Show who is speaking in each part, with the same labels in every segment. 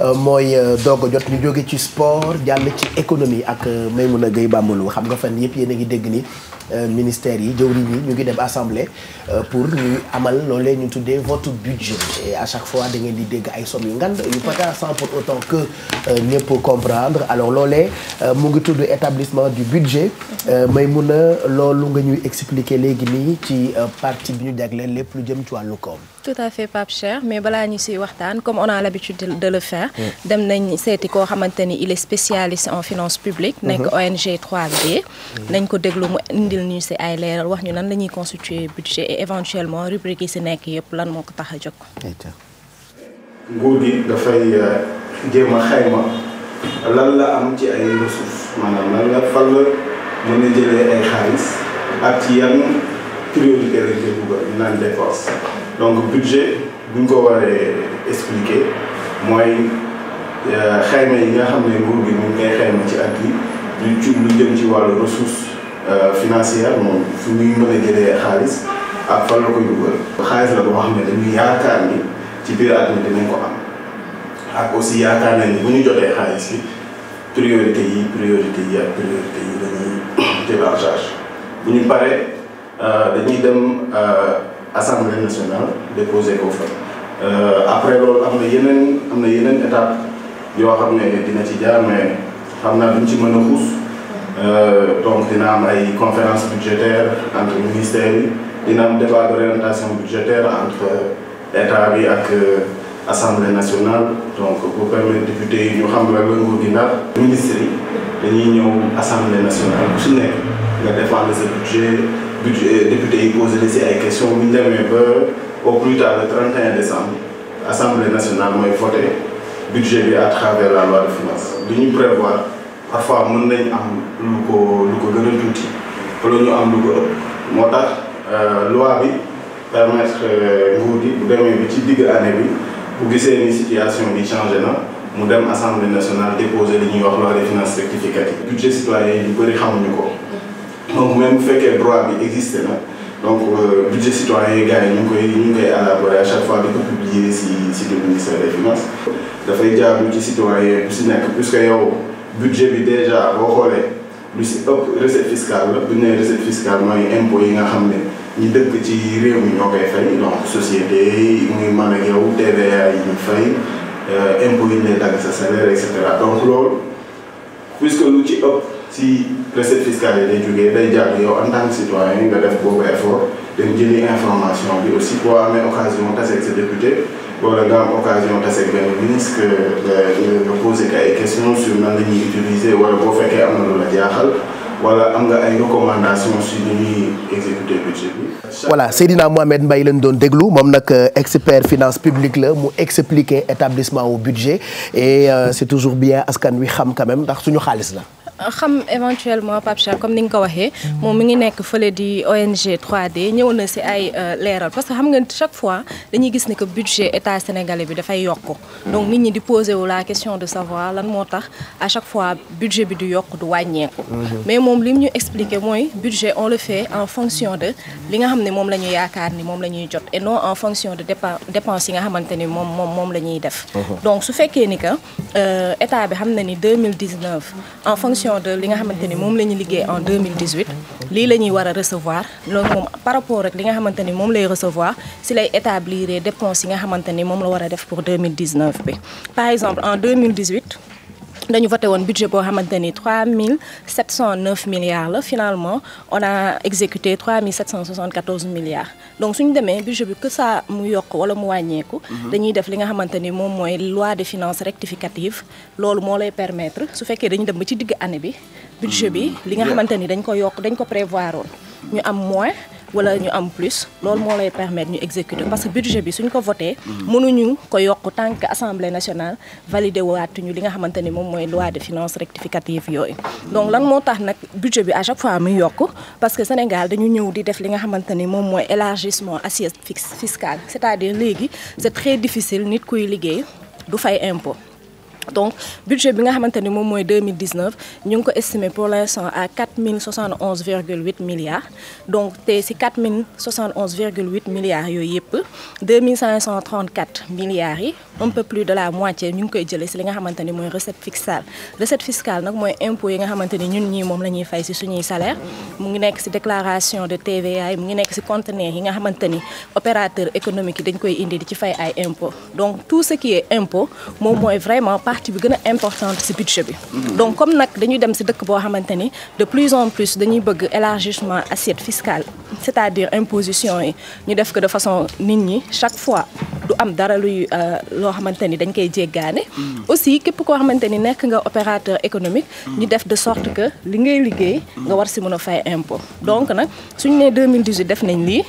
Speaker 1: Euh, mooy euh, doog a jot ñu jóge ci sport jàll ci économie ak mun euh, Maimouna Gueye Bambalou xam nga fan yëpp yéen a ngi dégg nii Euh, ministères yi jëwriñ yi ñu ngi dem assemblée euh, pour ñuy amal loolee ñu tuddee votre budget et à chaque fois da di dégg ay somme yu ngand yu pata sans pour que euh, ñëpp comprendre alors loole mu ngi tudd établissement du budget may mun a loolu nga ñuy expliquer léegi nii ci partie bi ñu jagleel lépp lu jëm ci wàllu koom
Speaker 2: tout à fait Pape Cheikh mais balaa ñu siy waxtaan comme on a l'habitude de le faire mm. dem nañ seeti koo xamante ni il est spécialiste en finance publique nekk mm-hmm. ONG 3 indil ñu si ay leeral wax ñu nan la ñuy constituer budget et éventuellement si nekk yëpp lan moo ko tax a jóg.
Speaker 1: nguur gi dafay euh, jéem a xayma lan la am ci ay ressources maanaam lan la fan la mën jëlee ay xaalis ak ci yan priorité lañ koy dugal ñu naan donc budget buñ ko waree expliquer mooy euh, xayma yi nga xam ne nguur gi moom ngay xayma ci at yi ñu ci lu jëm ci wàllu ressource Euh, financière moom fu ñuy mën a jëlee xaalis ak fan la koy dugal. xaalis la boo xam ne dañuy yaakaar ni ci biir at mi dinañ ko am ak aussi yaakaar nañ ni bu ñu jotee xaalis bi priorité yi priorité yi ak priorité yi dañuy jël en charge bu ñu pare euh, dañuy dem euh, assemblée nationale déposer ko fa. après loolu am na yeneen am na yeneen étape yoo xam ne dina ci jaar mais xam naa duñ ci mën a xuus. Euh, donc dina am ay conférence budgétaire entre ministères yi dina am débat d'orientation budgétaire entre euh, état bi ak euh, assemblée nationale donc pour député yi ñu xam nga nguur gi ndax ministre yi dañuy ñëw assemblée nationale su nekk nga défendre sa budget budget député yi posé la si ay questions bu ñu ba au plus tard le 31 décembre assemblée nationale mooy voté budget bi à travers la loi de finances prévoir parfois mën nañ am lu ko lu ko gën a tuuti wala ñu am lu ko moo tax euh, loi bi permettre euh, nguur di bu demee bi ci digg année bi bu gisee ni situation bi changé na mu dem assemblée nationale déposer li ñuy wax loi des finances rectificative budget citoyen yi bëri xamuñu ko donc même bu fekkee droit bi existé na donc euh, budget citoyen yi gars yi ñu ngi koy ñu ngi koy élaborer à chaque fois di ko publier si si du ministère dafay jaar ci citoyen budget bi déjà boo xoolee lu si ëpp recette fiscale la bu ñu nee recette fiscale yi nga xam ne ñi dëkk ci réew mi ñoo koy fay donc société yi muy man ak yow TVA yi ñu fay euh, yi ñu lay dagg et cetera donc loolu puisque lu ci si recette fiscale yi day jógee day jàpp yow en tant citoyen nga def boobu effort dem jëli information bi aussi boo amee occasion taseeg sa député wala nga am occasion taseeg benn ministre euh, nga posé ko am na lu la jaaxal wala am nga ay recommandations sur ñuy exécuter budget bi. voilà Seydina Mohamed Mbaye lañ doon déglu moom nag euh, expert finance publique la mu expliquer établissement au budget et euh, c'est toujours bien askan wi xam quand ndax suñu xaalis la.
Speaker 2: xam éventuellement Pape comme ni nga ko waxee moom mi ngi nekk fële di ONG 3D ñëw na si ay euh, leeral parce que xam nga chaque fois dañuy gis ni que budget état sénégalais bi dafay yokk donc nit ñi di posé wu la question de savoir lan moo tax à chaque fois budget bi du yokk du wàññeeku mhm. mais moom li mu ñu expliqué mooy budget on le fait en fonction de li nga xam ne moom la ñu yaakaar ni moom la ñuy jot et non en fonction de dépense yi nga xamante ni moom moom moom la ñuy def mhm. donc su fekkee ni que euh, état bi xam na ni 2019 en fonction évaluation de li nga xamante ni moom la ñu liggéey en lii la ñuy a recevoir loolu moom par rapport ak li nga xamante moom lay recevoir si lay établir dépenses yi nga xamante moom la war def pour bi par exemple en dañu voté woon budget boo xamante ni 3709 milliards la finalement on a exécuté 3774 milliards donc suñu demee budget bi que ça mu yokk wala mu wàññeeku. Mhm. dañuy def li nga xamante ni moom mooy loi de finances rectificative loolu moo lay permettre su fekkee dañu dem ba ci digg année bi. budget bi mm. li nga xamante ni dañ ko yokk dañ ko prévoir woon ñu am moins. wala ñu am plus loolu moo lay permettre ñu exécuter parce que budget bi suñ ko voté mënuñu ko yokk tant que assemblée nationale validé waatuñu li nga xamante ni moom mooy loi de finances rectificative yooyu donc lan moo tax nag budget bi à chaque fois muy yokk parce que Sénégal dañu ñëw di def li nga xamante ni moom mooy élargissement assiette fixe fiscale cest léegi c'est très difficile nit kuy liggéey du fay impôt donc budget bi nga xamante ni moom mooy 2019 ñu ngi ko estimé pour l'instant à milliards donc te si milliards yi un peu plus de la moitié ñu ngi koy jëlee si li nga xamante ni mooy recette fiscale recette fiscale nag mooy impôt yi nga xamante ni ñun ñii moom la ñuy fay si suñuy salaire mu ngi nekk si déclaration de TVA yi mu ngi nekk si conteneur yi nga xamante ni économique yi dañ koy indi di ci fay ay impôt donc tout ce qui est impôt moom mooy vraiment partie bi gën a importante ci budget bi donc comme nag dañuy dem ci dëkk boo xamante ni de plus en plus dañuy bëgg élargissement assiette fiscale c'est-à-dire imposition yi ñu def ko de façon nit ñi chaque fois du am dara luy euh, loo xamante ni dañ koy jéggaane aussi képp koo xamante ni nekk nga opérateur économique ñu def de sorte que li ngay liggéey nga war ci mën a fay impôt donc nag suñu nee 2018 def nañ lii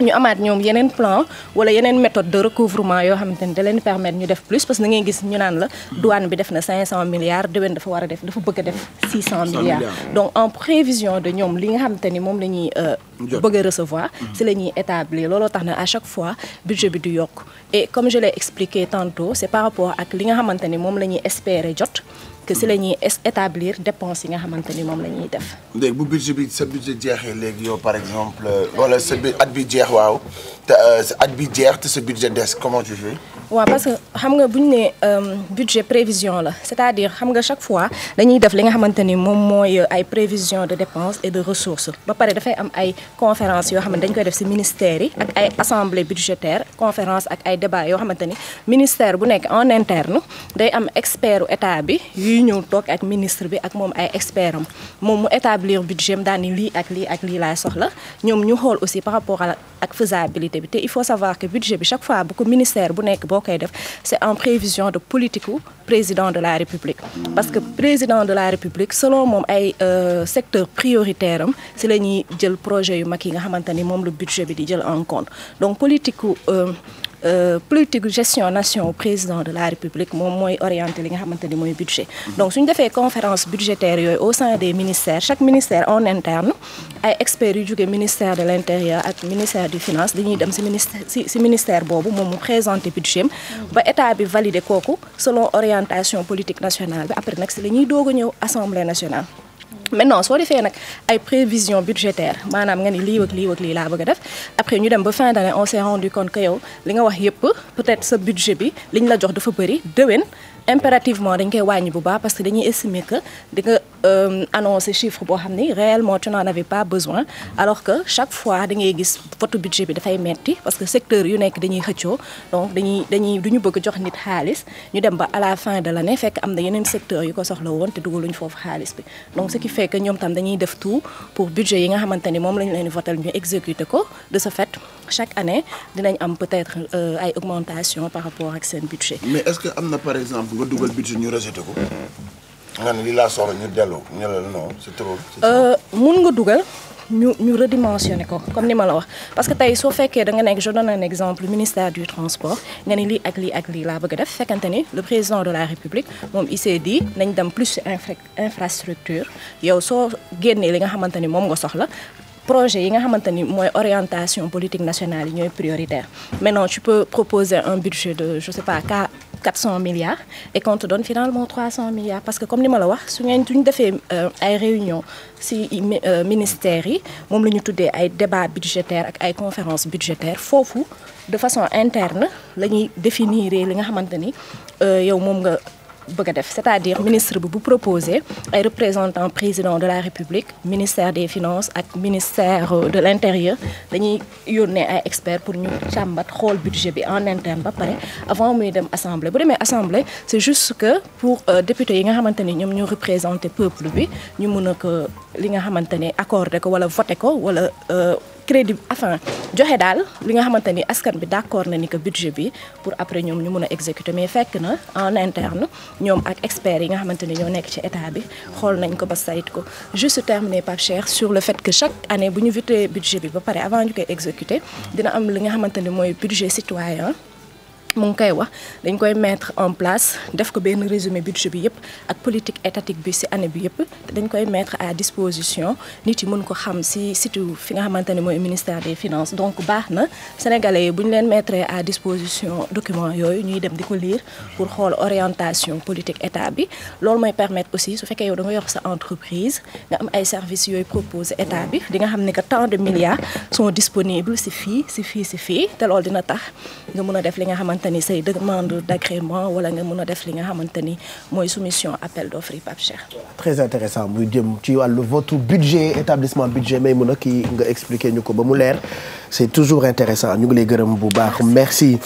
Speaker 2: ñu amaat ñoom yeneen plan wala yeneen méthode de recouvrement yoo xamante ni da leen permettre ñu def plus parce que da ngay gis ñu naan la douane bi def na 500 milliards déwén dafa war a def dafa bëgg a def 600 milliards donc en prévision de ñoom li nga xamante ni moom la ñuy euh, bëgg a recevoir si mhm. la ñuy établir looloo tax na à chaque fois budget bi du yokk et comme je l'ai expliqué tantôt c'est par rapport ak li nga xamante ni moom la ñuy espérer jot que si la ñuy établir dépense yi nga xamante ni moom la ñuy def.
Speaker 1: léegi bu budget bi sa budget jeexee léegi yow par exemple wala sa at bi jeex waaw te euh, at bi jeex te sa budget des comment tu
Speaker 2: waaw parce que xam nga bu ñu nee euh, budget prévision la c'est-à-dire xam nga chaque fois dañuy def li nga xamante ni moom mooy euh, ay prévisions de dépenses et de ressources ba pare dafay am ay conférences yoo xam ne dañ koy def ci ministères yi ak ay assemblée budgétaire conférence ak ay débats yoo xamante ni ministère bu nekk en interne day am expertu état bi yuy ñëw toog ak ministre bi ak moom ay expert moom mu établir budget am daal lii ak lii ak lii laay soxla ñoom ñu xool aussi par rapport à ak faisabilité bi te il faut savoir que budget bi chaque fois bu ko ministère bu nekk boo koy def c'est en prévision de politique u président de la république parce que président de la république selon moom ay euh, secteur prioritaire am si la ñuy jël projet yu mag yi nga xamante ni moom la budget bi di jël en compte donc politique euh, Euh, politique gestion nation président de la république moom mooy orienté li nga xamante ni mooy budget mhm. donc suñu defee conférence budgétaire yooyu au sein des ministères chaque ministère en interne ay experts yu jóge ministère de l' intérieur ak ministère du finance dañuy dem si ministère si si ministère boobu moom mu présenté budget ba état bi validé kooku selon orientation politique nationale bi après nag si la ñuy doog a ñëw assemblée nationale maintenant soo defee nag ay prévisions budgétaires maanaam nga ni lii wëkk lii wëkk lii laa bëgg a def après ñu dem ba fin d'année on s'est rendu compte que yow li nga wax yëpp peut-être sa budget bi liñ la jox dafa bëri déwén impérativement dañ koy wàññi bu baax parce que dañuy estimer que di nga euh, annoncer chiffre boo xam ni réellement tu n'en avais pas besoin alors que chaque fois da ngay gis votu budget bi dafay metti parce que secteur yu nekk dañuy xëccoo donc dañuy dañuy du bëgg jox nit xaalis ñu dem ba à la fin de fekk am na yeneen secteur ko soxla woon te dugaluñ foofu xaalis bi donc ñoom tam dañuy def tout pour budget yi nga xamante ni moom la ñu leen votal ñu exécuter ko de ce fait chaque année dinañ am peut-être euh, ay augmentation par rapport ak seen budget
Speaker 1: nga dugal budget ñu rejeté ko. Mm-hmm. nga ne li laa soxla ñu delloo la
Speaker 2: euh, mun nga dugal ñu ñu redimensionné ko comme ni ma la wax parce que tey soo fekkee da nga nekk je donne un exemple ministère du transport nga ne lii ak lii ak lii laa bëgg def fekkante ni le président de la république moom il s'est nañ dem plus infrastructure yow soo génnee li nga xamante ni moom nga soxla projet yi nga xamante ni mooy orientation politique nationale yi ñooy prioritaire maintenant tu peux proposer un budget de je sais pas cas 400 milliards et qu'on te donne finalement 300 milliards parce que comme ni ma la wax su ngeen duñ defee euh, ay réunion ci euh, ministères yi moom la ñu tuddee ay débat budgétaire ak ay conférence budgétaire foofu de façon interne la ñuy définir li nga xamante ni euh, yow moom nga bëgg a def c'est-à-dire ministre bi bu proposé ay représentant président de la république ministère des finances ak ministère euh, de l'intérieur dañuy yónnee ay experts pour ñu càmbat xool budget bi en interne ba pare avant muy dem assemblée bu demee assemblée c'est juste que pour euh, député yi nga xamante ni ñoom ñoo représenté peuple bi ñu mën a li nga xamante ni accordé ko wala vote ko wala euh, crédit enfin joxe daal li nga xamante ni askan bi d'accord na ni que budget bi pour après ñoom ñu mun a exécuter mais fekk na en interne ñoom ak experts yi nga xamante ñoo nekk ci état bi xool nañ ko ba sayt ko juste terminer par cher sur le fait que chaque année bu ñu voté budget bi ba pare avant ñu koy exécuter dina am li nga xamante ni mooy budget citoyen mu ngi koy wax dañ koy mettre en place def ko benn résumé budget bi yëpp ak politique étatique bi ci année bi yëpp dañ koy mettre à disposition nit yi mën ko xam ci site fi nga xamante ne mooy ministère des finance donc baax na sénégalais yi bu ñu leen mettre à disposition document yooyu ñuy dem di ko lire pour xool orientation politique état bi loolu mooy permettre aussi su fekkee yow da nga yor sa entreprise nga am ay services yooyu proposé état bi di nga xam ne que tant de milliards sont disponibles ci fii ci fii ci fii te tax xamante ni say demande wala nga mën a def li nga xamante ni mooy soumission appel d'offre yi Pape Cheikh.
Speaker 1: très intéressant muy jëm ci wàllu votre budget établissement budget may mu a ki nga expliquer ñu ko ba mu leer c'est toujours intéressant ñu ngi lay gërëm bu baax merci